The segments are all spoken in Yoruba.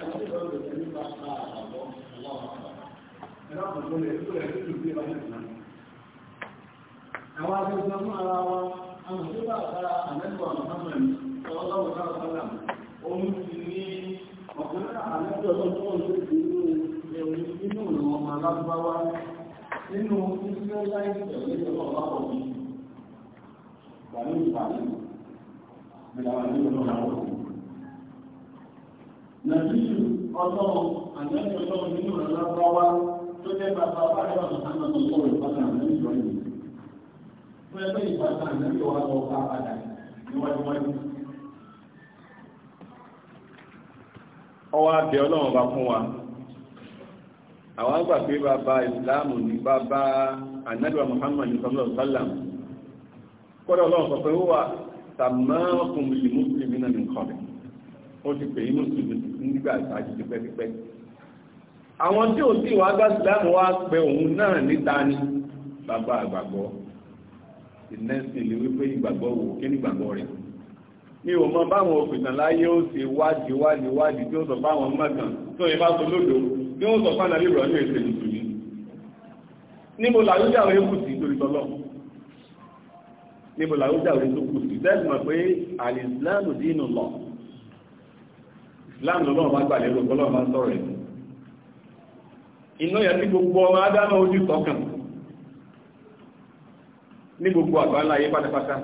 Àwọn akẹ́kọ̀ọ́ mú ara wa, àwọn tó bá àtàrà àmẹ́kọ̀ọ́ àmọ́sánmọ̀lì, ọlọ́wọ́ sára sọ́lá, òun ti ní ọ̀pọ̀lọ́pọ̀ àmẹ́kọ̀ọ́ tó tó ń lè ní inú ìwọ̀n ọmọ alágbáwá nínú ìṣẹ́ láì tẹ̀lé ọlọ́wọ́ ọ̀pọ̀lọ́pọ̀ nàbíyù ọlọ́run àjọyọ̀ ọlọ́run nínú ọ̀làbáwá tó jẹ́ bàbá báyọ̀ àmọ́ ọ̀pọ̀ ìpàdà àmì ìjọ yìí. fún ẹgbẹ́ ìpàdà àmì ìjọ wa lọ bá padà níwájúwájú. ọwọ́ abẹ́ ọlọ́run bá fún wa àwọn àgbà pé bàbá ìsìláàmù ní bàbá ànádùá muhammadu sallallahu alaihi wa sallam kọ́dọ̀ ọlọ́run sọ pé ó wà tàmáàkùn lè mú sí mi náà nìkan rẹ̀ wọ́n ti pè é mùsùlùmí nígbà ìsájú ti pẹ́pípẹ́ àwọn tí ò sí wàá gbàsílámù wá pé òun náà níta ni bàbá àgbàgbọ́ ìnẹ́sìn lè wípé ìgbàgbọ́ wò kí ní ìgbàgbọ́ rẹ̀ mi ò mọ báwọn òpìtàn láyé ó ṣe wádìí wádìí wádìí tí ó sọ fáwọn mọ̀gàn tó ìbá sọ lódò tí ó sọ fáwọn àbíbọ̀ ní èsè mùsùlùmí níbo làwújà àwọn èkù sí torí tọlọ níbo làwújà àwọn èkù sí bẹ́ẹ̀ mọ̀ pé àlìsílámù dínú lọ láàrín ọlọ́run bá gbàlẹ̀ ẹ̀rọ ọlọ́run bá sọ̀rọ̀ ẹ̀ iná yẹ ní gbogbo ọmọ adáná ojú sọ́kàn ní gbogbo àgbáńlá ayé pátápátá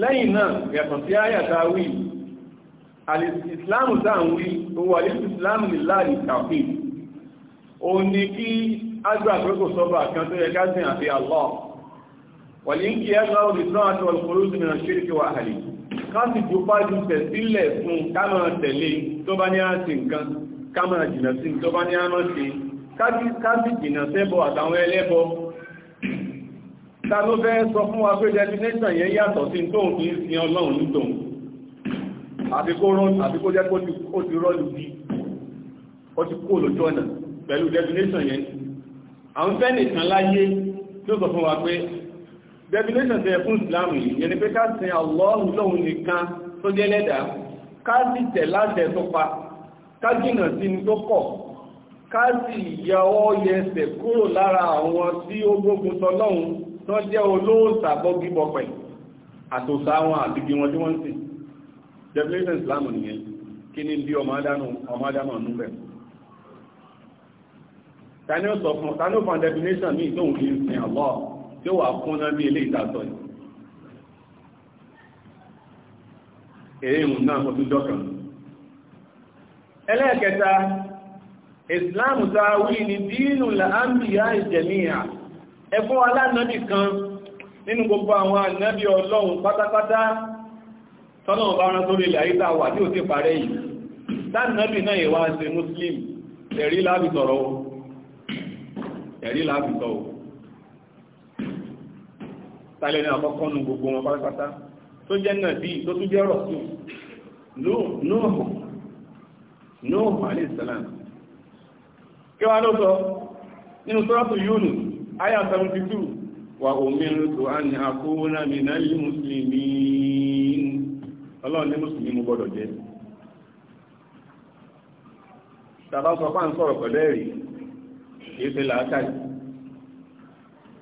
lẹ́yìn náà yàtọ̀ sí àyàtà wí alìsìsìláàmù dáà ń wí owó alìsìsìláàmù láàrín kàfí o ní kí ágbà àgbẹ́kò sọ́bà kan tó yẹ gásìn àti Allah wàlíǹkì ẹgbà òdìsán àti wàlùkúrú sí mìíràn ṣíríkì wà hàlì káàsì tó bá ju tẹ̀sílẹ̀ fún kámọ̀ tẹ̀lé e. tó bá ní á ṣe nǹkan kámọ̀ jìnà sí tó bá ní á mọ́ ṣe káàsì jìnà sẹ́bọ àtàwọn ẹlẹ́bọ ta ló fẹ́ sọ fún wa pé definition yẹn yàtọ̀ sí tóun fi ń sin ọlọ́run nítòun àbíkó jẹ́ kó ti rọ́lù bí ó ti kó lójú ọ̀nà pẹ̀lú definition yẹn àwọn fẹ́ nìkan láyé tó sọ fún wa pé definition tẹ fún islam yìí yẹni pé ká sin Allahu lóhun nìkan tó jẹ́ lẹ́dà ká sì tẹ̀ láṣẹ tó pa ká jìnà sí ní tó kọ̀ ká sì yàwọ́ yẹsẹ̀ kúrò lára àwọn tí ó gbógun tọlọ́hun tó jẹ́ olóòsà bọ́gíbọ̀pẹ̀ àtòsà àwọn àbíbí wọn tí wọ́n sìn definition islam nìyẹn kí ni bí ọmọ adámọ̀ nú bẹ̀ tani ó sọ fún tani ó fún definition mi ìgbóhun kì í sin Allah yóò wà kúnná bí ilé ìtàtọ̀ yìí èéhùn náà kò tún jọ́kàn ẹlẹ́ẹ̀kẹta ìsìláàmù ta wí ni dínú làámbìyà ìjẹ̀míyà ẹfún alánàbì kan nínú gbogbo àwọn ànábì ọlọ́run pátápátá tọ́lọ́run bá rán sórí ilẹ̀ àyíká wà tí ó ti parẹ́ yìí lánàbì náà ìwà ṣe muslim ẹ̀rí lábìtọ̀rọ̀ ẹ̀rí lábìtọ̀rọ̀ tálẹ́ ní àkọ́kọ́ nu gbogbo wọn pátápátá tó jẹ́ náà bí tó tún jẹ́ rọ̀ sùn nóòhù nóòhù aléìsàlám kí wá ló sọ nínú sọ́rọ̀tù Yunus ayà 72 wà òmìnir tó á ní àkóónà mìíràn yí mùsùlùmí ọlọ́run ní mùsùlùmí mú gbọ́dọ̀ jẹ́ tàbá sọ fáà ń sọ̀rọ̀ pẹ̀lú ẹ̀rí kìí ṣe làákàyè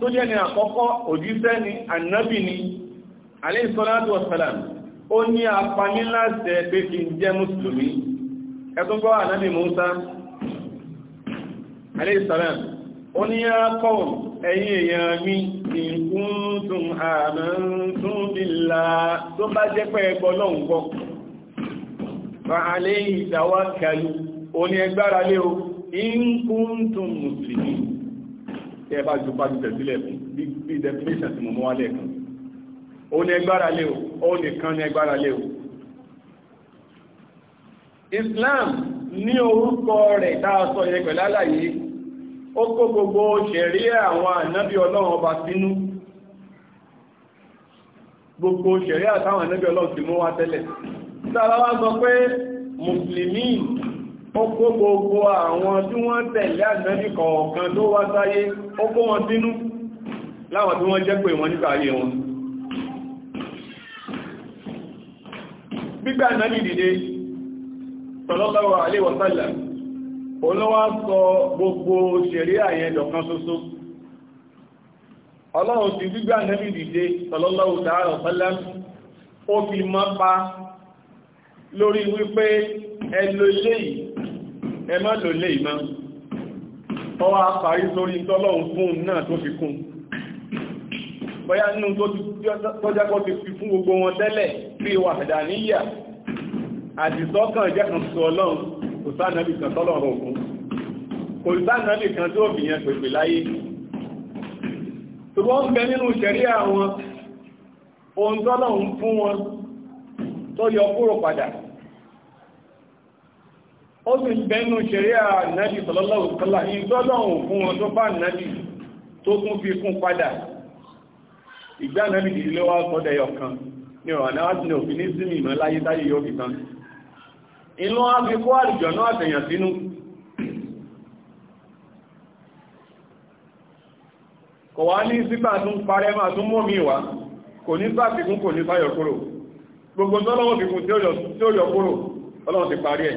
tó jẹ́ ní àkọ́kọ́ òjíṣẹ́ ni annabi ni alayhi salatu wassalam ó ní apani láti ẹgbẹ́ kí n jẹ́ mùsùlùmí ẹkùn gbọ́ annabi Musa ó ní mi in kuntum billah tó bá jẹ́ pé ẹgbọ́ lọ́hùn gbọ́ fa alayhi ẹgbára lé o in kuntum muslimin tẹ́ bá ju pàdù tẹ̀sílẹ̀ fún bí definition tí mo mọ́ wálẹ̀ kan ó ní ẹgbára lé o ó nìkan ní ẹgbára lé o Islam ní orúkọ rẹ̀ tá a sọ yẹn pẹ̀lú àlàyé ó kó gbogbo ṣẹ̀rí àwọn ànábì ọlọ́run ọba sínú gbogbo ṣẹ̀rí àtàwọn ànábì ọlọ́run ti mú wá tẹ́lẹ̀ tí a bá wá sọ pé mùsùlùmí ó kó gbogbo àwọn tí wọ́n tẹ̀lé àjẹ́bì kọ̀ọ̀kan tó wá sáyé ó kó wọn sínú láwọn tí wọ́n jẹ́ pé wọ́n nípa ayé wọn gbígbà náà nìdìde sallallahu alaihi wasallam olówá sọ gbogbo ṣẹ̀rí àyẹ̀dọ̀ kan ṣoṣo ọlọ́run ti gbígbà náà nìdìde sallallahu alaihi wasallam ó fi mọ́ pa lórí wípé ẹlò ilé ẹ má lò lè ìmá ọwá parí sórí tọ́lọ́run fún náà tó fi kún bọ́yá nínú tó jákọ́ ti fi fún gbogbo wọn tẹ́lẹ̀ bí wàhádà níyà àdìsọ́kàn jẹ́ kan sọ ọlọ́run kò sánàbì kan tọ́lọ́run òkun kò sánàbì kan tí ó fi yẹn pèpè láyé ṣùgbọ́n ń bẹ nínú ṣẹ̀rí àwọn ohun tọ́lọ́run fún wọn tó yọ kúrò padà ó sì bẹ́nu ṣẹ̀ríà nàbì sallallahu kọlá ìtọ́lọ́hùn fún wọn tó bá nàbì tó tún fi kún padà ìgbà nàbì dìdí ló wá sọ́dẹ̀ ọ̀kan ní ọ̀rọ̀ náà ti ní òfin ní símì mọ́ láyé táyé yóò fi tán inú á fi kó àrìjọ náà tẹ̀yàn sínú kò wá ní sípà tún kò ní bá kúrò gbogbo tọ́lọ́wọ́ fikún tí ó yọ kúrò ọlọ́run ti parí ẹ̀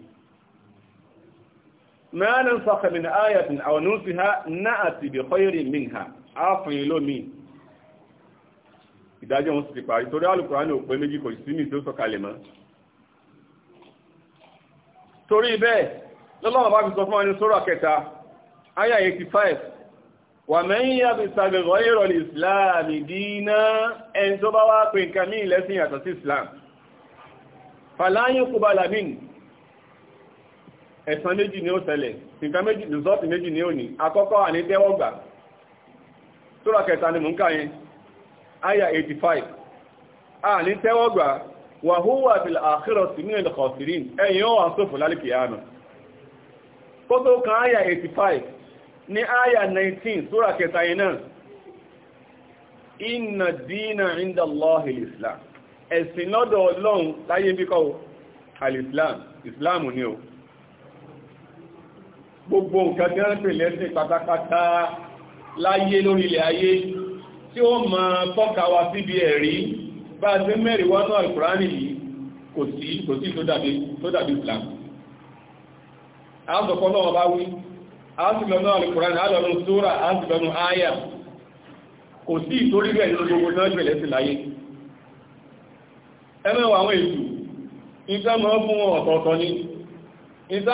ما ننسخ من آية أو ننسها ha بخير منها ààfin ìlómi ìdájọ́ ha, sì ti parí torí alùkùránì òpé méjì kò sí ní tí ó sọ̀kalẹ̀ mọ́ tori bẹ́ẹ̀ lọ́lọ́wọ́ fi sọ fún wa ní keta aya 85 wa mẹ́yìn yàbí sàgbẹ̀rọ ìrọ̀lì ìsìláàmì dínà ẹni tó bá wá pè nǹkan ní ilẹ̀sìn yàtọ̀ sí islam ẹ̀san méjì ni ó ṣẹlẹ̀ nǹkan méjì rìsọ́ọ̀tì méjì ni ó ní àkọ́kọ́ àní tẹ́wọ́gbà sura kẹta ni mò ń kà yẹn 85 àní tẹ́wọ́gbà wa huwa fil akhirati minal khasirin ẹ̀yìn ó wà sófò lálẹ́kì 85 ní 19 sura kẹta yẹn náà inna dina inda Allahi al-Islam ẹ̀sìn lọ́dọ̀ Ọlọ́run láyé ni o gbogbo nǹkan tí wọ́n pè lẹ́sìn pátápátá láyé lórí ilẹ̀ ayé tí ó ma tọ́ka wa síbi ẹ̀rí bá a ṣe mẹ́rin wá náà ìkùránì yìí kò sí kò sí tó dàbí tó dàbí Islam àásọ̀kọ́ náà bá wí àásìlọ náà ìkùránì àlọ́nù sóra àásìlọ́nù áyà kò sí ìtorí rẹ̀ nínú gbogbo náà pè lẹ́sìn láyé ẹmẹ́wàá àwọn ètò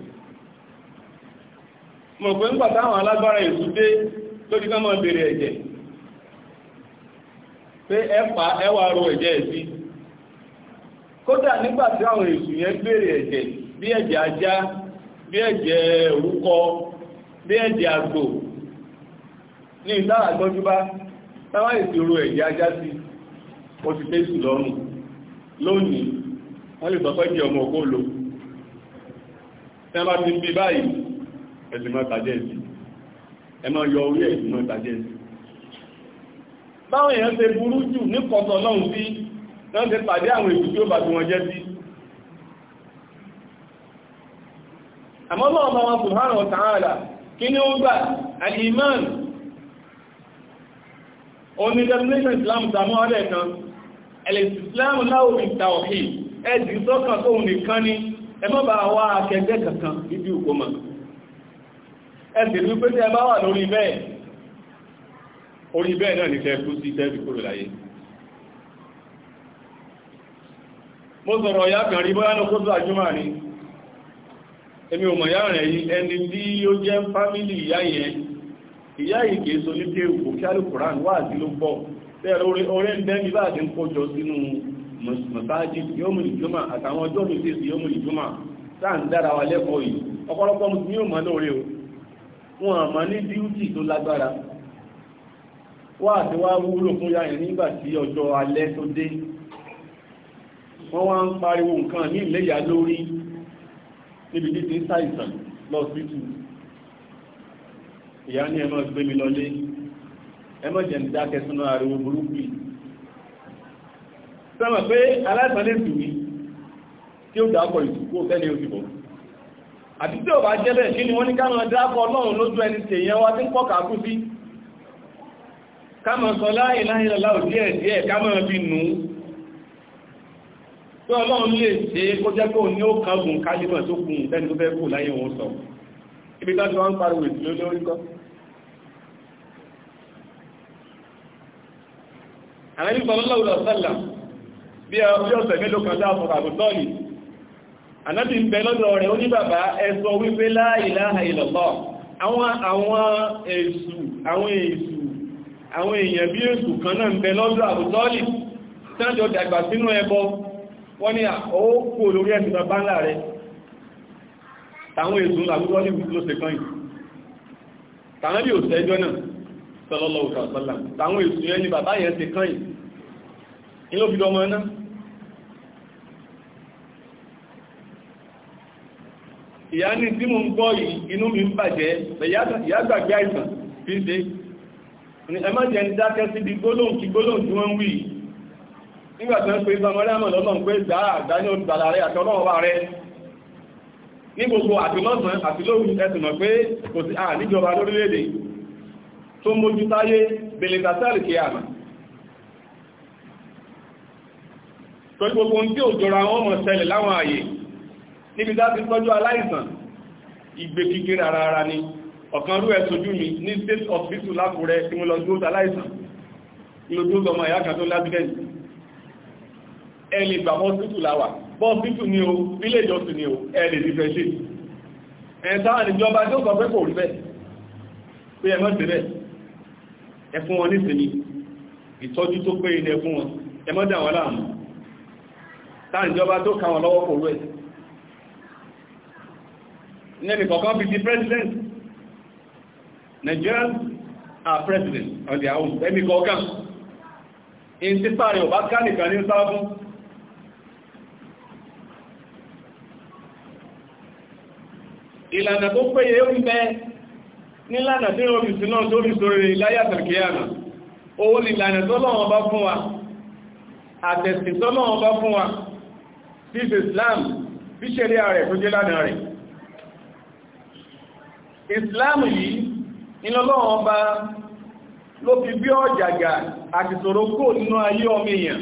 mọ̀ pé ń pàtà àwọn alágbára ìlú dé lórí ká máa bèèrè ẹ̀jẹ̀ pé ẹfà ẹwà ro ẹ̀jẹ̀ sí kódà nígbàtí àwọn èsù yẹn bèèrè ẹ̀jẹ̀ bí ẹ̀jẹ̀ ajá bí ẹ̀jẹ̀ orúkọ bí ẹ̀jẹ̀ àgbò ní táwọn ẹ̀jẹ̀ ẹ̀sìn máa tàjẹ́ ẹ̀sìn ẹ máa yọ orí ẹ̀sìn máa tàjẹ́ ẹ̀sìn báwọn èèyàn ṣe burú jù ní kọ̀tọ̀ lọ́hùn sí náà ṣe pàdé àwọn èsì tí ó bá ti wọn jẹ́ sí àmọ́ lọ́wọ́ bá wọn subhanahu wa ta'ala kí ni ó gbà al-iman oní definition islam tàmú ọdẹ kan al-islam láwọ́ ìtàwọ̀hì ẹ̀dì sọ́kàn tóun nìkan ni ẹ má bá wá akẹgbẹ́ e wípé tí bá wà lórí bẹ́ẹ̀ orí bẹ́ẹ̀ náà ní kẹkú sí tẹ́bí kúrò láyé mo sọ̀rọ̀ ya kan rí bóyá lókó tó àjúmà ní èmi ò mọ̀ ya rẹ̀ yí ẹni tí ó jẹ́ fámílì ìyá yẹn ìyá yìí so ní pé òkú kí alùkùrán wà sí ló bẹ́ẹ̀ ń mi ń wọn àmọ́ ní díútì tó lágbára wá àti wá wúlò fún yáyìn nígbà tí ọjọ́ alẹ́ tó dé wọ́n wá ń pariwo nǹkan ní ìléyà lórí níbi tí ti ń ṣàìsàn lọ́sítù ìyá ní ẹmọ́ gbé mi lọlé ẹmọ́ jẹ̀ ń dákẹ́ súnú ariwo burúkú sọ́mọ̀ pé aláìsàn lè tù mí tí ó dákọ̀ ìtùkú ọ̀fẹ́ ni ó ti bọ̀ àti tí ò bá jẹ́ bẹ́ẹ̀ kí ni wọ́n ní ká máa dákọ̀ ọlọ́run lójú ẹni tèèyàn wá tí ń pọ̀ kàkú sí ká máa sọ la ilaha illallah díẹ̀ díẹ̀ ká máa fi nù ú pé ọlọ́run lè ṣe kó jẹ́ kó ní ó kángun kálímọ̀ tó kún tẹ́ni tó fẹ́ kú láyé wọn sọ ibi tó ti wọ́n ń pariwo ìtìlẹ́ lórí kọ́ àrẹ́bí sọ lọ́lọ́wọ́ lọ́sọ́lá bí ọjọ́ ọ̀sẹ̀ mélòó kan dáàbò àbùtọ́ọ̀lì ànábì ń bẹ lọ́dọ̀ rẹ̀ ó ní bàbá ẹ sọ wípé la ilaha illallah àwọn àwọn èṣù àwọn èṣù àwọn èèyàn bí èṣù kan náà ń bẹ lọ́dọ̀ Abu Talib sáàjọ dàgbà sínú ẹbọ wọ́n ní ó kú olórí ẹ̀sìn bàbá ńlá rẹ̀ tàwọn èṣù Abu Talib ló ṣe kan yìí tànábì ò sẹ́jọ́ náà sallallahu alaihi wasallam tàwọn èṣù yẹn ni bàbá yẹn ṣe kan yìí ilé òbí ọmọ náà ìyá ní tí mo ń gbọ́ yìí inú mi ń bàjẹ́ ìyá gbàgbé àìsàn fi ṣe ẹ má jẹ́ ní dákẹ́ síbi gbólóhùn kí gbólóhùn tí wọ́n ń wí nígbà pé gbà àgbá wa rẹ̀ ní gbogbo àtìlọ́sàn àti lóòrù ẹ̀sìnà pé kò sí àníjọba lórílẹ̀-èdè tó mójú táyé belentasẹ́lì kí àmà tó gbogbo ohun tí ò jọra wọn mọ̀ ṣẹlẹ̀ láwọn àyè níbi tá ti tọ́jú aláìsàn ìgbè kíkiri ara ara ni ọ̀kan rú ẹ̀ sojú mi ní state hospital lákùrẹ́ tí mo lọ dúró aláìsàn ló dúró ọmọ ìyá kan tó lásìdẹ̀ntì ẹ lè gbà hospital láwà hospital ni o village hospital ni o ẹ lè differentiate ẹ̀ sáà níjọba tó sọ pé kò rí bẹ́ẹ̀ pé ẹ mọ́ sí bẹ́ẹ̀ ẹ fún wọn nísìnyí ìtọ́jú tó péye ní ẹ fún wọn ẹ mọ́ dà wọn láàmú táà níjọba tó ká wọn lọ́wọ́ kò rú ẹ̀ nẹ́bì kọ̀ọ̀kan fi di president Nigerians are president on their own ẹbì kọ̀ọ̀kan in ti sáàrì ọ̀bá kánìkan ní sáàbùn ìlànà tó péye ń bẹ nílànà tí ó rí sínú tó rí sórí láyàtàkìyàmà owó ìlànà tó lọ́wọ́ bá fún wa àtẹ̀sì tó lọ́wọ́ bá fún wa bí Islam bí ṣe rí ààrẹ tó jẹ́ lánàá rẹ̀ ìsìláàmù yìí ìlọ́lọ́wọ́n ọba ló fi bí ọ̀jàgà àti sọ̀rọ̀ kò nínú ayé ọmọ èèyàn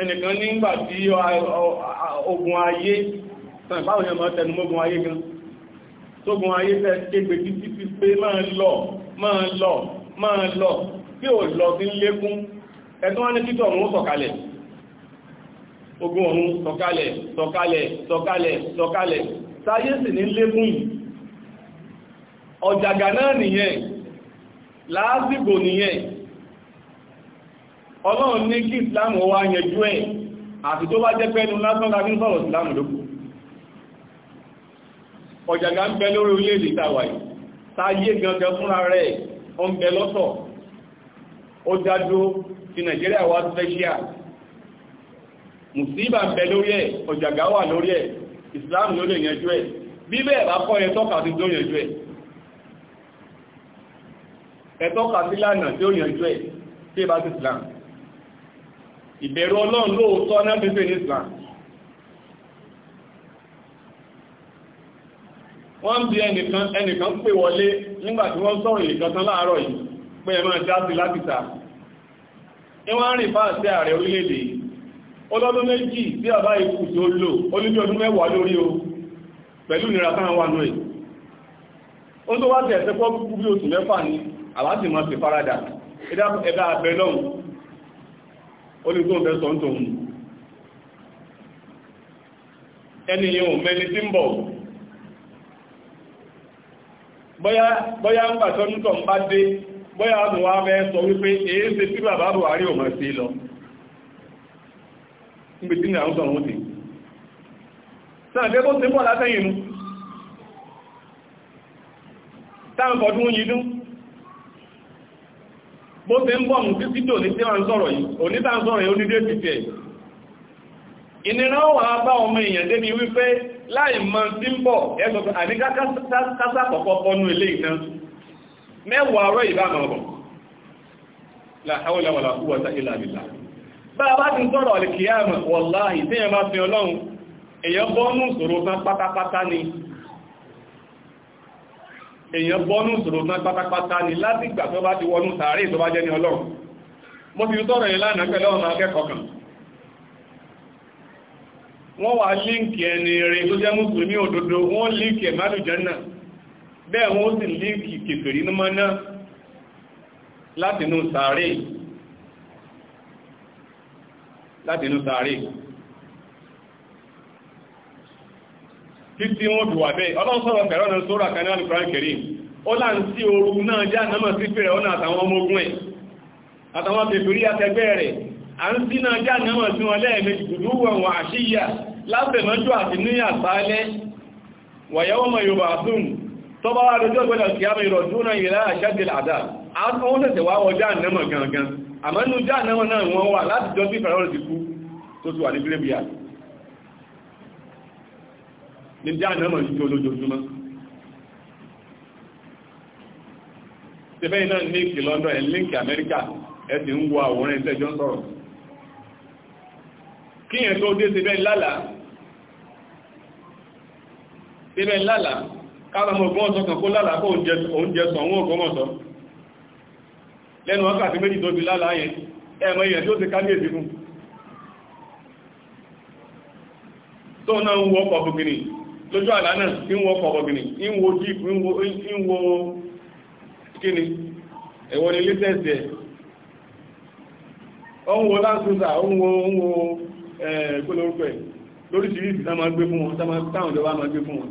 ẹnìkan nígbà tí ogun ayé sàn báwọn èèyàn máa tẹnu mọ́gun ayé gan tógun ayé tẹ́ kégbè títí fi pé máa lọ máa lọ máa ní títọ̀ ọ̀run sọ̀kalẹ̀ ogun ọ̀run sọ̀kalẹ̀ sọ̀kalẹ̀ sọ̀kalẹ̀ sọ̀kalẹ̀ sáyé sì ní lékún yìí ọ̀jàgà náà nìyẹn láásìgbò nìyẹn ọlọ́run ní kí islam wá yẹjú ẹ̀ àti tó bá jẹ́ pẹ́nu lásán islam lókù ọ̀jàgà ń bẹ lórí orílẹ̀-èdè tàwà yìí sáyé gangan fúnra rẹ̀ ó ń bẹ lọ́tọ̀ ó dájú ti nàìjíríà wá special mùsíbà bẹ lórí ẹ̀ ọ̀jàgà wà lórí ẹ̀ ìsìláàmù ló lè yanjú ẹ̀ bí bẹ́ẹ̀ bá kọ́ ẹ̀tọ́ka sí tó yanjú ẹ̀ ẹ̀tọ́ka sí lánà tí ó yanjú ẹ̀ tí bá sí ìsìláàmù ìbẹ̀rù ọlọ́run lóòótọ́ náà fífẹ́ ní ìsìláàmù wọ́n ń bí ẹnìkan ẹnìkan pè wọlé nígbàtí wọ́n sọ̀rọ̀ ìkan tán láàárọ̀ yìí pé ẹ̀mọ́ ìdásí láti ta ọlọ́dún méjì tí àbá ikú tí ó lò olúbí ọdún mẹ́wàá lórí o pẹ̀lú ìnira tán wà náà ó tó wá tẹ̀ẹ̀sẹ́ pọ́ púpú bí oṣù mẹ́fà ní àwátì máa fi farada ẹ̀dá abẹ lọ́hùn olùgbọ́n fẹ́ sọ́ntọ̀ hùn ẹni yóò mẹ́ni tí ń bọ̀ bọ́yá ń gbà tọ́nítọ̀ ń bá dé bọ́yá àdùnwá mẹ́ sọ wípé èé ṣe tí bàbá níbi tí àwọn sọ̀rọ̀ ó ti náà gẹ́gọ́ tí bọ́ látẹ́yìn mú táàkọ̀dún yìí dún bó ti ń bọ̀ mú sí títò ní tí wọ́n sọ̀rọ̀ yìí onítà ń sọ̀rọ̀ yìí onídé ti tẹ̀ ìnira wà bá ọmọ èèyàn débi wípé láì mọ̀ tí ń bọ̀ ẹgbẹ̀ àti kásàkọ̀kọ́ bọ́nú ilé ìná mẹ́wàá rẹ̀ ìbámọ̀ ọ̀bọ̀ la hawla wala quwwata illa billah bá a bá ti sọ̀rọ̀ alìkìyàmù wọ̀láhì tí ẹ máa fi ọlọ́run èyàn bọ́nú ìṣòro tán pátápátá ni èyàn bọ́nú ìṣòro tán pátápátá ni láti ìgbà tó bá ti wọnú sàárè tó jẹ́ ní ọlọ́run mo ti sọ̀rọ̀ yìí lánàá pẹ̀lú ọmọ akẹ́kọ̀ọ́ kan wọ́n wá líǹkì ẹni rẹ̀ tó jẹ́ mùsùlùmí òdodo wọ́n líǹkì sàárè láti inú sàárè títí wọ́n dùwà bẹ́ẹ̀ ọlọ́sọ̀rọ̀ pẹ̀rọ náà sórà kanáà ní Kùránì Kẹrim ó là ń sí ooru náà já náà sí fẹ́rẹ̀ ọ́nà àtàwọn ọmọ ogun ẹ̀ àtàwọn tẹ̀fẹ̀rí àtẹgbẹ́ rẹ̀ à ń sí náà já náà sí wọn lẹ́ẹ̀mejì dùdúwọ̀n wà àṣíyà lábẹ̀mọ́jú àti ní àṣálẹ́ wàyáwọ́ mọ̀ yorùbá àtún tọ́bá wá lójú ọgbẹ́lẹ̀ kí a mẹ́rọ dúnà ìlà àṣẹ́dìlà àdá àwọn tẹ̀sẹ̀ wá wọ já náà gangan àmọ́nú já náà náà wọ́n wà láti jọ sí fẹ̀rẹ̀ ọ̀rọ̀ ti kú tó ti wà ní gírébìyà ní jẹ́ àná mọ̀ ní tí olójoojúmọ́ tẹ́fẹ́ iná líǹkì London ẹ̀ líǹkì Amẹ́ríkà ẹ ti ń wo àwòrán ìtẹ́jọ́ ń sọ̀rọ̀ kíyàn tó dé síbẹ̀ lálàá síbẹ̀ lálàá káàmù ọgbọ́n ọ̀sọ̀ kan kó lálàá kó oúnjẹ sọ àwọn ọgbọ́n ọ̀sọ̀ lẹ́nu wákàtí méjì tó fi lálàá yẹn ẹ̀mọ̀ èèyàn tó ti kábíyèsí fún tó náà ń wọ ọkọ̀ ọ̀gbìnì lójú àlá náà ń wọ ọkọ̀ ọ̀gbìnì ń wo jeep ń wo kíni ẹ̀wọ́ ni latest ẹ̀ ó ń wo láńsúsà ó ń wo ń wo ẹ̀ẹ́gbẹ́lórúkọ ẹ̀ lóríṣìíríṣìí tá máa gbé fún wọn táwọn ìjọba máa gbé fún wọn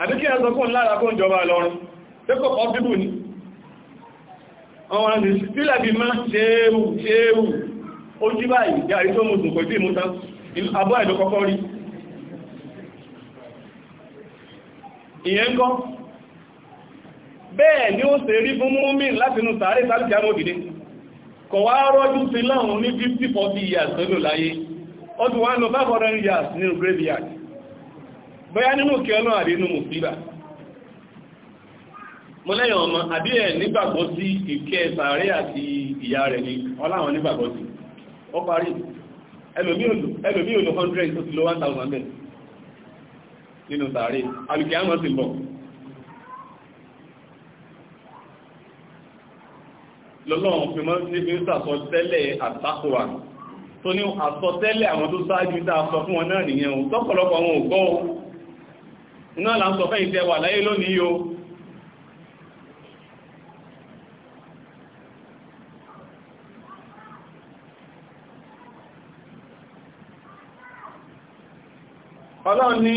àdíkí ẹ̀sọ́kùn lára fún ìjọba lọ́rùn tẹ́kọ̀ pọ́síbù ní ọwọ́n ni sílẹ̀ bí máa ṣeéwù ṣeéwù ojú báyìí yàrí tó mú sùn pẹ̀lú ìmúta abọ́ ẹ̀dọ́kọ́kọ́ rí ìyẹn kọ́ bẹ́ẹ̀ ni ó se rí fún múmi látinú sàárè tààrí àmòdìdé kọ̀ wá rọ́jú sí láhùn ní 50-40 years lọ́lò láyé ọdún wá lọ 500 years ní graveyard bẹ́yà nínú kí ọlọ́ àrínú mo lẹ́yìn ọmọ àbí ẹ̀ nígbàgbọ́ sí àti ìyá rẹ̀ ni ọláwọn nígbàgbọ́ sí ó parí ẹlòmí nínú sàárè alùkìyàmọ̀ sì bọ̀ lọ́lọ́run fi mọ́ sí fi ń sàsọtẹ́lẹ̀ àtàkùwà tó ní àsọtẹ́lẹ̀ àwọn tó sáájú tá a sọ fún wọn náà nìyẹn o tọ́pọ̀lọpọ̀ wọn ò gbọ́ o náà là ń sọ fẹ́yìn tẹ́ wà láyé lónìí o ọlọ́run ní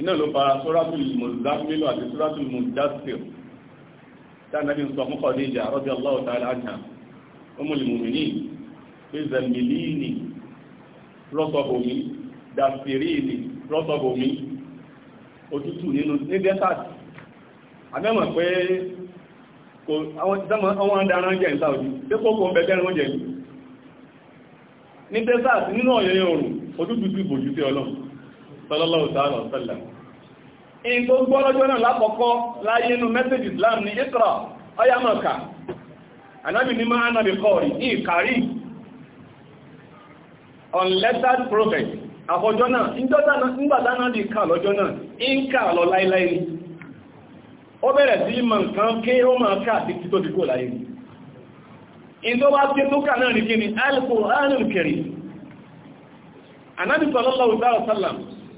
iná ló fara sóràtù mọ̀lùdámílò àti sóràtù mọ̀lùdásíl tánàbí ń sọ fún Khadija radiyallahu ta'ala anha Ummul Mu'minin pé zẹ̀mìlìínì rọ́sọ̀bòmí dàfírìínì rọ́sọ̀bòmí òtútù nínú ní dẹ́sàtì pé àwọn adarán jẹ́ ìsáòjú tí kó ń bẹ̀ẹ́ jẹ́ ní sallallahu ta'ala wa in tó gbọ́ lọ́jọ́ náà lákọ̀ọ́kọ́ láyé inú mẹ́sẹ̀jì islam ni ikra ọyámọ̀ká anábì ní máa náà bẹ̀kọ́rì ní ìkàrí unlettered prophet àfọjọ́ náà nígbàtá náà di ká lọ́jọ́ náà in ka lọ láíláí ni ó bẹ̀rẹ̀ sí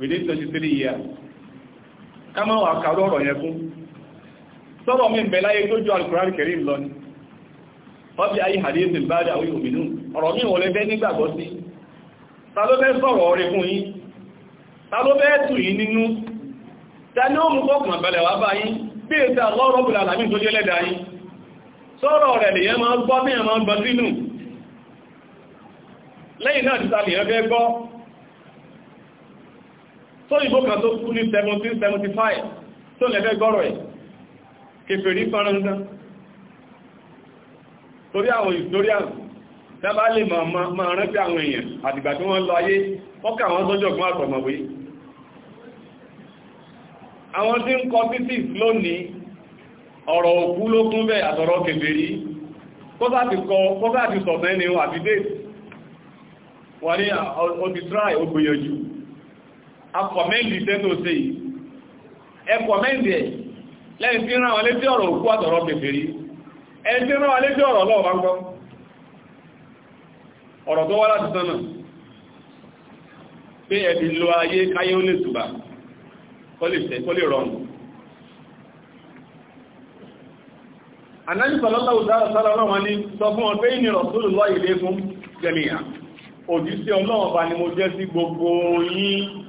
within 23 years ká máa wà kàrọ ọ̀rọ̀ yẹn fún sọ́rọ̀ mi bẹ̀ láyé tó jọ alkùnrin kẹrin lọ ní ọbí ayé hadith ìbájá orí òmìnú ọ̀rọ̀ mi wọlé bẹ́ nígbàgbọ́ sí ta ló bẹ́ sọ̀rọ̀ ọ̀rẹ́ fún yín ta ló bẹ́ tù yín nínú ta ní ó mú kọ́kàn balẹ̀ wá bá yín bí ètà lọ́rọ̀bùlà àlàmí tó jẹ́ lẹ́dà yín sọ̀rọ̀ rẹ̀ lèyẹn máa gbọ́ bí ẹ̀ máa gbọ́ sínú lẹ́yìn náà ti ta tó ìbò kan tó kú ní 1775 tó lẹ́fẹ́ gọ́rọ̀ ẹ̀ kèfèrí fọ́nrán torí àwọn historian dábá lè máa rántí àwọn èèyàn àdìgbà tí wọ́n lọ ayé ọkà àwọn sọ́jọ́ fún àtọ̀mọ̀wé àwọn tí ń kọ títí lónìí ọ̀rọ̀ òkú ló kún bẹ́ àtọ̀rọ̀ kèfèrí kọ́sá ti sọ̀tẹ́ ni àbídé wà ní òtítráì ó gbìyànjú akọ̀mẹ́ndì tẹ́tò sí yìí ẹkọ̀mẹ́ndì ẹ̀ lẹ́yìn tí rán alé tí ọ̀rọ̀ òkú àtọ̀rọ̀ pèfèrí ẹni tí rán alé tí ọ̀rọ̀ lọ́wọ́ bá ń gbọ́ ọ̀rọ̀ tó wá láti sánà pé ẹ̀bí lo ayé káyé ó lè tùbà kó lè rọrùn anájísọ̀ lọ́lọ́wọ́ sára náà wọ́n ní sọ fún ọ pé ìnirọ̀ tó lè lọ́ ìlé fún jẹ́mìyàn òjíṣẹ́ ọlọ́wọ́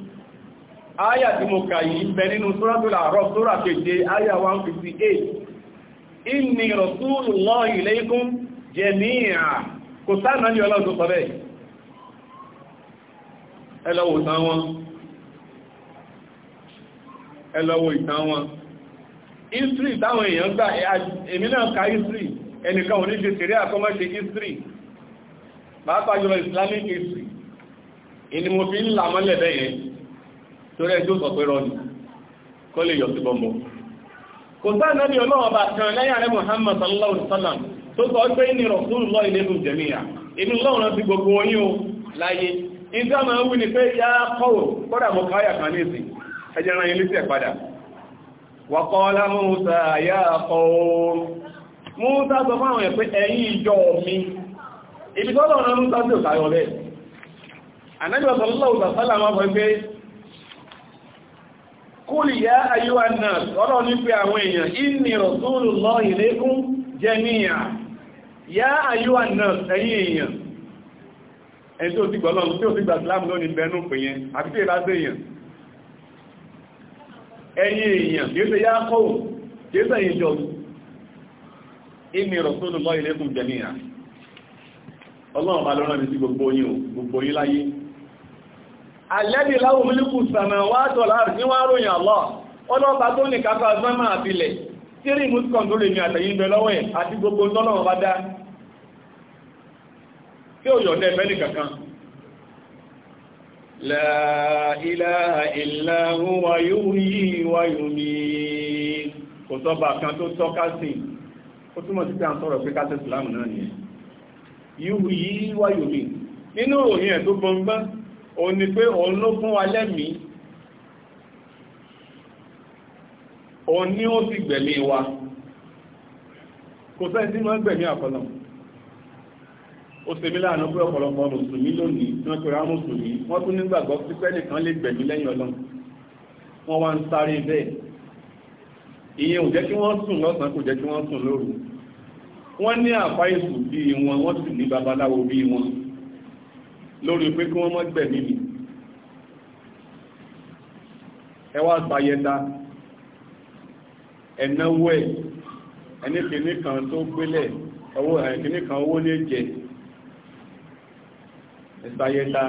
áyà tí mo kà yìí bẹ nínú suratul A'raf sura keje áyà 158 inni rasulullahi ilaykum jami'a kò sáà náà ní ọlọ́dún sọ bẹ́ẹ̀ ẹ lọ wò tán wọn ẹ lọ wò ìtàn wọn history táwọn èèyàn gbà èmi ka history ẹnìkan ò ní ṣe tèrè àkọ́mọ́ṣe history pàápàá jùlọ islamic history ìní mo fi ń là mọ́lẹ̀ bẹ́yẹn torí ẹjọ́ sọ pé rọ́ọ̀nù kó lè yọ sí bọ́mọ. kò sáà nábì ọlọ́wọ́ bá kan lẹ́yìn ààrẹ Muhammad sallallahu alaihi wasallam tó sọ pé ní Rasulullah ilaykum jami'a inú lọ́wọ́n ti gbogbo oyún o láyé ìjọ máa wí ni pé yá kọ́wò kọ́dà mọ́ káyà kan ní ìsìn ẹjẹ́ran ilé sí ẹ̀padà wa qala Musa ya qawm Musa sọ fáwọn ẹ̀ pé ẹ̀yin ìjọ mi ibi tọ́lọ̀ ọ̀nà Musa sí ò kúlì yá ayúwà náà ọ̀rọ̀ ní pé àwọn èèyàn inni rasulullahi ilaykum jami'a yá ayúwà náà ẹ̀yin èèyàn ẹni tó ti gbọ́ lọ́nà tí ó ti gbà sílámù lónìí bẹnu pè yẹn àti tí ìlà sí èèyàn ẹ̀yin èèyàn kìí ṣe yá kọ́ kìí ṣe ọlọ́run bá lọ́rọ̀ mi sí gbogbo yín gbogbo yín láyé alẹ́bí láwọn mílíkù sàmẹ̀wàtọ̀ láàrin ní wọ́n ròyìn àlọ́ ọlọ́pàá tó ní kápá sánmà àbílẹ̀ tí rí mú kọ̀ndólè ní àtẹ̀yìn bẹ lọ́wọ́ àti gbogbo tọ́lọ́wọ́ bá dá La ilaha illa huwa yuhyi wa yumiit kò sọ́bà kan tó tọ́ka sí ó túnmọ̀ sí wa yumiit nínú òyìn ẹ̀ tó gbọmgbọ́n ó ní pé òun ló fún wa lẹ́mí òun ní ó sì gbẹ̀mí wa kò sẹ́ni tí wọ́n gbẹ̀mí àkọlọ̀ ó ṣe mí láàánú pé ọ̀pọ̀lọpọ̀ mùsùlùmí lónìí tí wọ́n pèrè á mùsùlùmí wọ́n tún nígbàgbọ́ sí pé nìkan lè gbẹ̀mí lẹ́yìn ọlọ́run wọ́n wá ń sáré bẹ́ẹ̀ ìyẹn ò jẹ́ kí wọ́n sùn lọ́sàn kò jẹ́ kí wọ́n sùn lóru wọ́n ní àfáìsù bíi wọn wọ́n sì ní babaláwo bíi wọn lórí pé kí wọ́n mọ́ gbẹ̀mí mi ẹ wá gbàyẹta ẹ̀náwó ẹ̀ ẹni kìíní kan tó gbélẹ̀ owó ẹ̀kìíní kan owó ní jẹ ẹ̀sàyẹta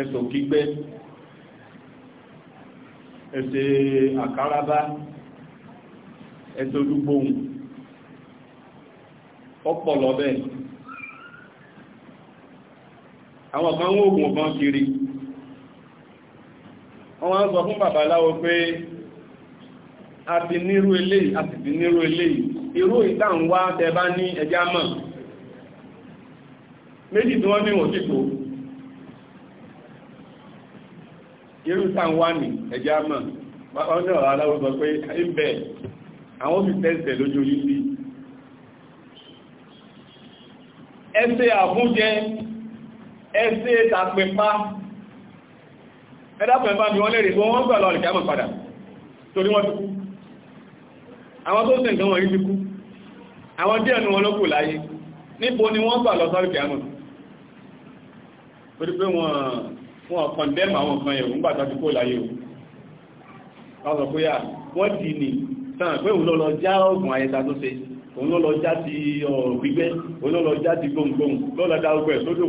ẹ̀sọ̀ gbígbẹ́ ẹ̀sẹ̀ àkàràbá ẹ̀sẹ̀ olúgbòhùn ọ̀pọ̀ lọ bẹ́ẹ̀ àwọn kan wó oògùn kan kiri wọ́n wọ́n sọ fún babaláwo pé a ti nírú eléyìí a ti ti nírú eléyìí irú ìdáhùn wá tẹ bá ní ẹjá mọ̀ méjì tí wọ́n ní wọ́n sípò irú ìdáhùn wá ní ẹjá mọ̀ wọ́n ní ọ̀rọ̀ aláwo sọ pé ń bẹ̀ àwọn òbí tẹ́sẹ̀ lójú yìí ẹsẹ́ tàpẹpá ẹ̀dàpẹpá bí wọ́n lẹ́rẹ̀ wọ́n gbà lọ alìkàmà padà torí wọ́n ti kú àwọn tó sẹ̀ nǹkan wọ̀nyí ti kú àwọn díẹ̀ ní wọn ló kù láyé níbo ni wọ́n gbà lọ sálìkàmà torí pé wọ́n wọ́n kọ̀ndẹ́mù àwọn kan yẹ̀wò ń gbàtà ti kó láyé o lọ́sọ̀ pé à wọ́n ti nì tán pé òun lọ́lọ́ já ọ̀gùn ayẹta tó ṣe òun lọ́lọ́ já ti ọ̀rọ̀ gbígbẹ́ òun lọ́lọ́ já ti gbóngbóng lọ́lọ́ dá sódò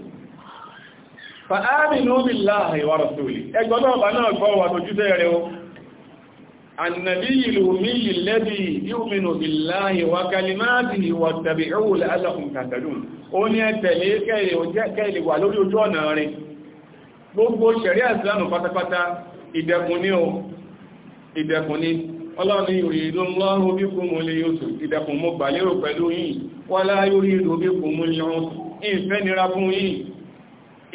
fa'aminu billahi wa rasuli ẹgbọ́n náà bá náà gbọ́ wà tójútẹ́ rẹ̀ o annabiyil umiyyi alladhi yu'minu billahi wa kalimatihi wattabi'uhu la'allakum tahtadun ó ní ẹ̀tẹ̀lé kẹ́ẹ̀lẹ̀ wà lórí ojú ọ̀nà rẹ̀ gbogbo ní o ìdẹ̀kùn ìfẹ́ nira fún yìí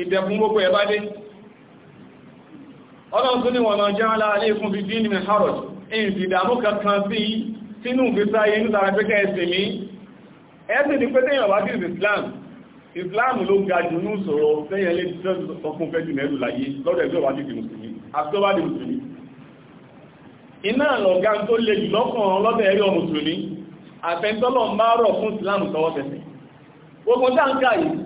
ìdẹ̀kùn gbogbo ẹ̀bá dé ọlọ́run tó ní wọ̀nà jẹ́ aláàlé fún bí dín ní harrod in ti dàmú kankan sí sínú ìgbésá inú tàbí pẹ́kẹ́ ẹ̀sẹ̀ mi ẹ̀sẹ̀ ni pé tẹ́yàn wá sí Islam Islam ló ga jù ní ìṣòro tẹ́yàn lè tẹ́ ọkùn fẹ́ jù mẹ́rù láyé lọ́dọ̀ ẹgbẹ́ wá sí ti mùsùlùmí àtọ́wà di mùsùlùmí iná lọ̀gá tó Islam tọwọ́ tẹ̀sẹ̀ gbogbo dáńkà yìí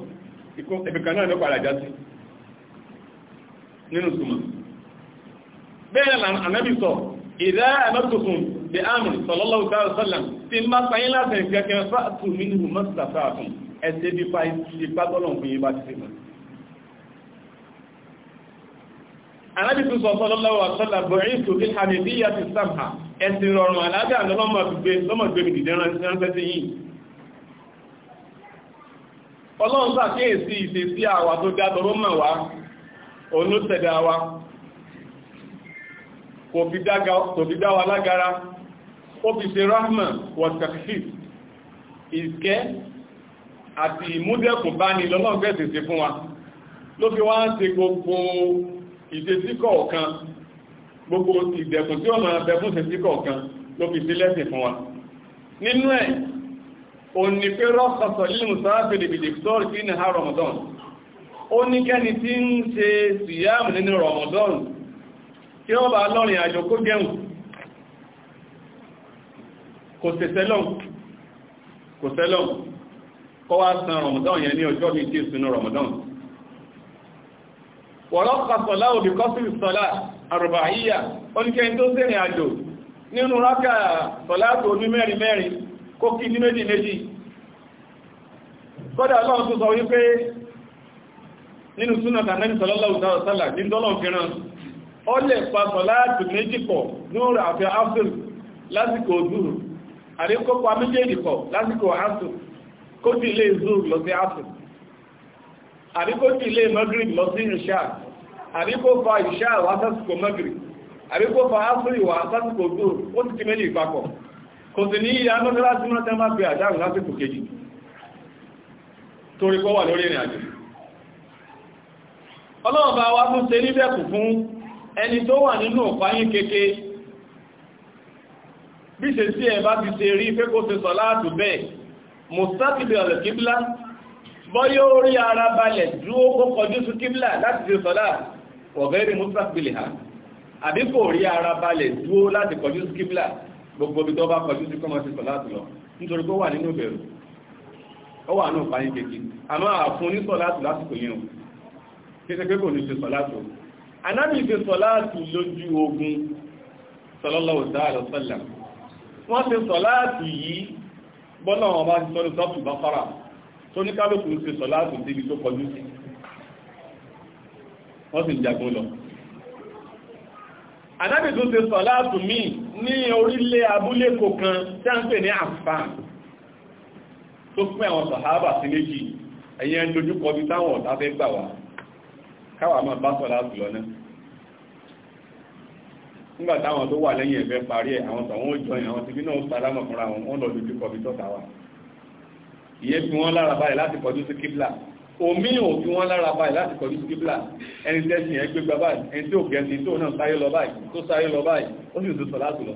ìbìkan náà lọ́pàá àjá sí nínú súnmọ̀ bẹ́ẹ̀ na anábì sọ ìdá anábìsọ̀kùn bí àmìn sallallahu ta'ala sallam tí má sáyín láti ìkẹ́kẹ́ fàtù mínú mọ́sàtàfàtùn ẹsẹ́ bí pàtọ́lọ̀ fún yín bá ti sí mọ́ anábì tún sọ sallallahu ta'ala sallam bọ̀rin tó bí hàmìdíyà ti sáàmà ẹsìn rọrùn aláàbẹ̀ àlọ́mọ̀ gbé mi dìde ránṣẹ́ sí yìí ọlọ́run sàkíyèsí ìṣe sí àwa tó dá tọrọ mọ̀ wá òun ló tẹ̀dá wa kò fi dá wa lágara ó fi ṣe rahma wọ̀tàkì ìkẹ́ àti ìmúdẹ́kùn bá ní lọ́lọ́run fẹ́ ṣe fún wa ló fi wá ń ṣe gbogbo ìṣesí kọ̀ọ̀kan gbogbo ìdẹ̀kùn tí ó máa bẹ fún ìṣesí kọ̀ọ̀kan ló fi sí lẹ́sìn fún wa nínú ẹ̀ òní pé rọ́kọ̀sọ̀ lílù sáàfèrè bìdì sọ́rì sí ní ha Ramadan ó ní kẹ́ni tí ń ṣe síyàmù nínú Ramadan tí ó bá lọ́rin àjò kó gẹ̀un kò sẹ̀sẹ̀lọ́n kò sẹ́lọ́n kọ́ wá san Ramadan yẹn ní ọjọ́ mi tí ó sinú Ramadan wọ̀rọ́kọ̀sọ̀ láòbí kọ́sìlì sọ́lá àrùbáyíyà ó ní kẹ́ni tó sẹ́rin àjò nínú rákà sọ́lá tó ní kó kí ní méjì méjì kọ́dà ọlọ́run tó sọ wípé nínú súnà tàbí sallallahu alaihi wasallam ní tọ́lọ̀ fẹ́ràn ó lè papọ̀ láti méjì pọ̀ lóòrò àfẹ́ áfíl lásìkò zúrù àríkọ́pọ̀ méjèèjì pọ̀ lásìkò áfíl kó ti lè zúrù lọ sí áfíl àríkó ti lè magrib lọ sí ìṣà àríkó fa ìṣà wá sásìkò magrib àríkó fa áfíl wá sásìkò zúrù ó ti ti méjì papọ̀ kò sí ní ìyánọ́lọ́lá tí wọ́n tẹ́ máa gbé àdáhùn lásìkò kejì torí kọ́ wà lórí ìrìnàjò ọlọ́run bá wá tún ṣe níbẹ̀kù fún ẹni tó wà nínú ọ̀páyín keke bí ṣe sí ẹ bá ti ṣe rí pé kó ṣe sọ láàtù bẹ́ẹ̀ mustaqbil al-qibla bọ́yọ́ orí ara balẹ̀ dúó kó kọjú sí kíbílà láti ṣe sọ́lá wa ghayri mustaqbilha àbí kò rí ara balẹ̀ dúó láti kọjú sí gbogbo ibi tó bá kọjú sí kọ́mọ sí sọ̀láàtì lọ nítorí pé ó wà nínú ìbẹ̀rù ó wà náà fàyín kéèké àmọ́ àfún ní sọ̀láàtì lásìkò yẹn o kéèké pé kò ní ṣe sọ̀láàtì o anábì ṣe sọ̀láàtì lójú ogun sallallahu ta'ala wa sallam wọ́n ṣe sọ̀láàtì yìí bọ́lá wọn bá ti sọ́rí sọ́tù bá fara tó ní kálùkù ṣe sọ̀láàtì síbi tó kọjú sí anábì tó ṣe sọ̀láàtù mí ní orílẹ̀ abúlé kọ̀kan tí a ń pè ní àfàn tó pín àwọn sàhábà sí méjì ẹ̀yẹn dojúkọ bí táwọn ọ̀tá fẹ́ gbà wá káwà máa bá sọ̀láàtù lọ náà nígbà táwọn tó wà lẹ́yìn ẹ̀fẹ́ parí ẹ̀ àwọn tàwọn òjò ẹ̀ àwọn tìbí náà sálámọ̀ fúnra wọn wọ́n lọ dojúkọ bí tọ́ta wà ìyẹn fi wọ́n lára báyìí láti kọjú sí kíblà omi ò fi wọ́n lára báyìí láti kọjú sí kíbla ẹni tẹ́sìn ẹ gbégbá báyìí ẹni tí ò gẹ̀ẹ́sì tó náà sáré lọ báyìí tó sáré lọ báyìí ó sì tó sọ láti lọ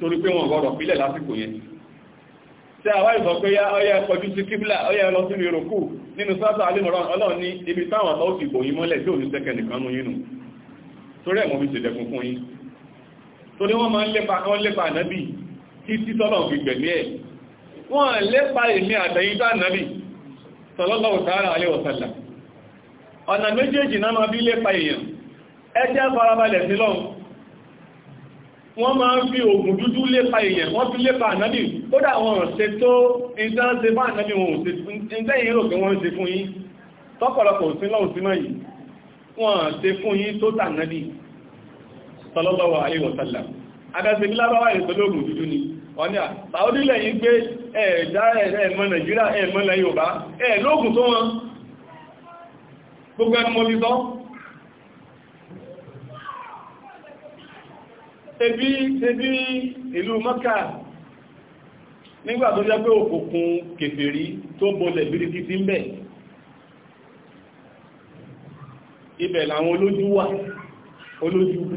torí pé wọn gbọ́dọ̀ pílẹ̀ lásìkò yẹn tí a wáyé sọ pé ọyá kọjú sí kíbla ọyá lọ sínú ìrókù nínú sátà alìmọ̀rán ọlọ́run ní ibi táwọn ọ̀tọ́ ti bòyí mọ́lẹ̀ tí ò ní sẹ́kẹ̀ nìkan nú yínú torí ẹ̀mọ́ fi ṣèdẹ̀kùn fún yín torí wọ́n máa ń lépa ànábì títí tọ́lọ̀ fi gbẹ̀mí ẹ̀ wọ́n lépa èmì àtẹ̀yíká nàbì sallallahu ta'ala alaihi wa sallam ọ̀nà méjèèjì náà máa bí lépa èèyàn ẹjẹ́ farabalẹ̀ sí lọ́n wọ́n máa ń fi oògùn dúdú lépa èèyàn wọ́n fi lépa ànábì kódà wọn ṣe tó ìdánsẹ bá ànábì wọn ò ṣe ìdẹ́yìn rò pé wọ́n ṣe fún yín tọ́pọ̀lọpọ̀ sí lọ́wọ́ sí náà yìí wọ́n ṣe fún yín tó tà ànábì sallallahu alaihi wa sallam adásẹ́bí lábáwá ìrìnṣẹ́lógún dúdú ni wọ́n ní à sàódílẹ̀ yìí gbé ẹ̀ẹ̀dá ẹ̀mọ́ nàìjíríà ẹ̀mọ́ ilẹ̀ yorùbá ẹ̀ lóògùn tó wọn gbogbo ẹnu mo ti sọ ebi ebi ìlú mọ́kà nígbà tó jẹ́ pé òkùnkùn kèfèrí tó bolẹ̀ bíríkì sí ń bẹ̀ ibẹ̀ làwọn olójú wà olójú bú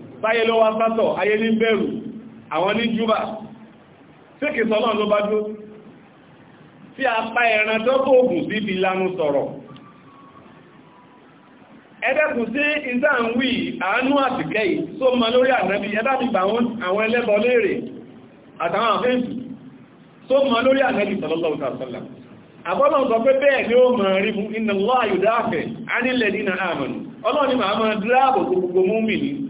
táyé ló wá sátọ̀ ayé ní bẹ̀rù àwọn ní júbà tí kì sọ́nà ló bá dó tí a pa ẹ̀ràn tó kó ògùn sí ibi lánú sọ̀rọ̀ ẹ̀dẹ́kùn sí ìdáǹwì àánú àtìkẹ́ yìí tó ma lórí ànábì ẹ̀dàbìgbà àwọn ẹlẹ́bọ léèrè àtàwọn àfẹ́ǹtì tó ma lórí ànábì sallallahu alaihi wasallam àbọ́lọ̀ sọ pé bẹ́ẹ̀ ni ó mọ̀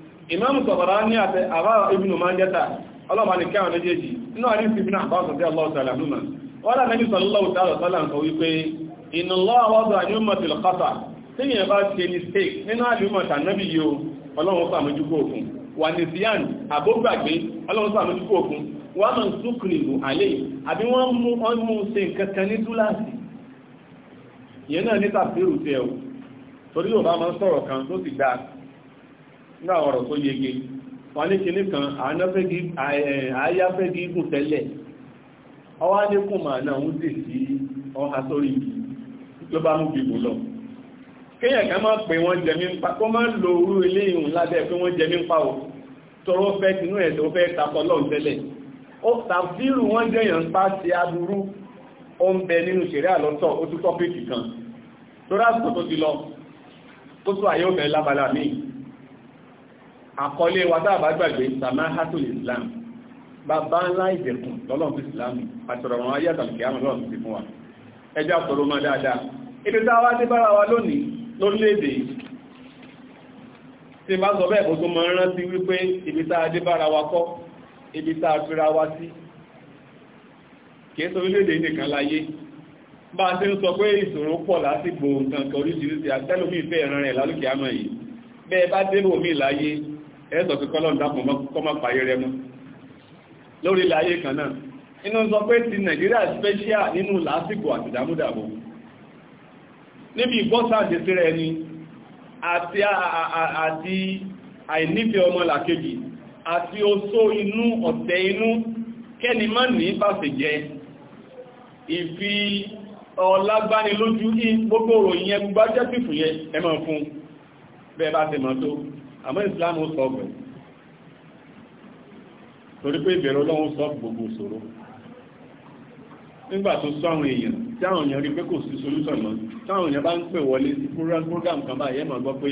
ìmáàmù sọ̀bàrá ní àtẹ àbá ibùnú máa ń jẹ́ta ọlọ́mà ní kẹwàá méjèèjì inú àrí ìsìnkú náà bá sọ̀tẹ́ ọlọ́ọ̀tàlá lúmà wọ́n lá nẹ́bí sọ̀lọ́ọ̀tàlá sọ́lá ń sọ wípé iná a àyúmọ̀tìl kọ́tà tí yẹn bá ṣe ní steak nínú àyúmọ̀tà nẹ́bí yóò ọlọ́run sàmójúkú siyan wà ní sian o kan ti ní àwọn ọ̀rọ̀ tó yege wọ́n ní kìíní kan àáyáfẹ́gì gùn tẹ́lẹ̀ ọwá ní kùn mà náà ń dè sí ọha sórí ibi ló bá mú bìbò lọ kéèyàn kan máa pè wọ́n jẹ mímpa kó máa ń lo orú ilé ìhùn lábẹ́ pé wọ́n jẹ mímpa o tọrọ fẹ́ tinú ẹ̀ tó fẹ́ takọ́ lọ́n tẹ́lẹ̀ ó tàbírù wọ́n jẹyàn pa ti aburú ó ń bẹ nínú ṣeré àlọ́tọ̀ ó tún tọ́pìkì kan tó rásìkò tó ti lọ tó tó àyè ó bẹ̀ àkọlé wa tá bá gbàgbé samahatul islam bàbá ńlá ìdẹ̀kùn lọ́lọ́run fi islam àtọ̀rọ̀ àwọn ayé àtàlùkẹ́ àwọn lọ́lọ́run ti fún wa ẹjá sọ̀rọ̀ mọ́ dáadáa ibi tá wá dé bára wa lónìí lórílẹ̀-èdè tí bá sọ bẹ́ẹ̀ gbogbo mọ́ rántí wípé ibi tá dé bára wa kọ́ ibi tá fira wa sí kìí sọ orílẹ̀-èdè nìkan láyé bá a ti ń sọ pé ìṣòro pọ̀ lásìkò nǹkan kan oríṣiríṣi àtẹ́lómi ìfẹ́ ìran rẹ̀ lálùkẹ́ àmọ́ yìí bẹ́ẹ̀ bá dé bòmí láyé ẹ̀ẹ́sọ̀ fi kọ́lọ̀ dápọ̀ kọ́mọ̀ pàyẹ rẹ mọ́ lórí ilẹ̀ ayé kan náà inú sọ pé ti Nàìjíríà special nínú lásìkò àti dámúdàbò níbi ìgbọ́sàdésí rẹ ni àti àìnífẹ́ ọmọ làkejì àti oṣó inú ọ̀tẹ̀ inú kẹ́ni má ní bàṣẹ jẹ ìfi ọlágbánilójú ní gbogbo òròyìn ẹgbùgbájẹ́ pìfù yẹ ẹmọ̀ fún bẹ́ẹ̀ bá ti mọ̀ tó àmọ́ islam ó sọ ọgbẹ̀ torí pé ìbẹ̀rù ọlọ́run sọ gbogbo ìṣòro nígbà tó sọ àwọn èèyàn tí àwọn èèyàn rí pé kò sí solúsọ̀ mọ́ táwọn èèyàn bá ń pè wọlé sí program kan báyìí ẹ máa gbọ́ pé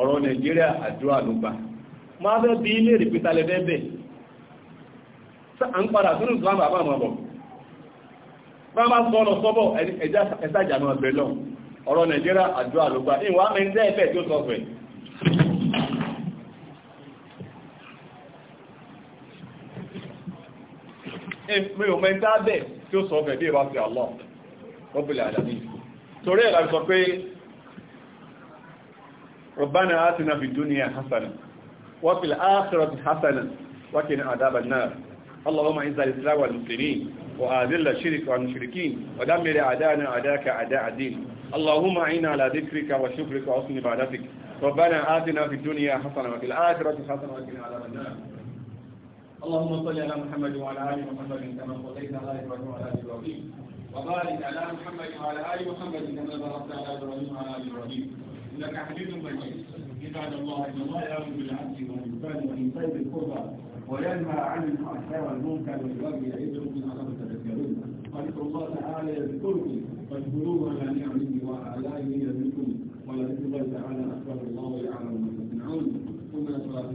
ọ̀rọ̀ nàìjíríà àdúrà ló gbà máa fẹ́ bí ilé rí pété alẹ́ ń padà sínú islam àbá àmọ́ bọ̀ bá máa sọ ọ̀nà sọ́bọ̀ ẹ̀sájà náà bẹ̀ lọ ọ̀rọ̀ nàìjíríà àdúrà ló ìwà mẹ́ńtẹ́ ẹ̀fẹ́ sọ mi ò mẹ́ta bẹ̀ tí ó sọ ọbẹ̀ bí ìwà sí Allah ọbùlẹ̀ àdàmì torí ẹ̀lá sọ pé Rabbana atina fid dunya hasana wa fil akhirati hasana wa qina adhaban nar اللهم اعز الاسلام والمسلمين واذل الشرك والمشركين ودمر اعداءنا اعداءك اعداء الدين اللهم اعنا على ذكرك وشكرك وحسن عبادتك ربنا آتنا في الدنيا حسنه وفي الاخره حسنه وقنا عذاب النار اللهم صل على محمد وعلى ال محمد كما صليت على ابراهيم وعلى ال ابراهيم وبارك على محمد وعلى ال محمد كما باركت على ابراهيم وعلى ال ابراهيم انك حميد مجيد عباد الله ان الله يامر بالعدل والاحسان وايتاء طيب ذي القربى وينهى عن الفحشاء والمنكر والبغي على ما تذكرون واذكروا الله تعالى يذكركم واشكروه على نعمه اله يذكركم ولذكر الله تعالى اكبر الله يعلم ما تصنعون ثم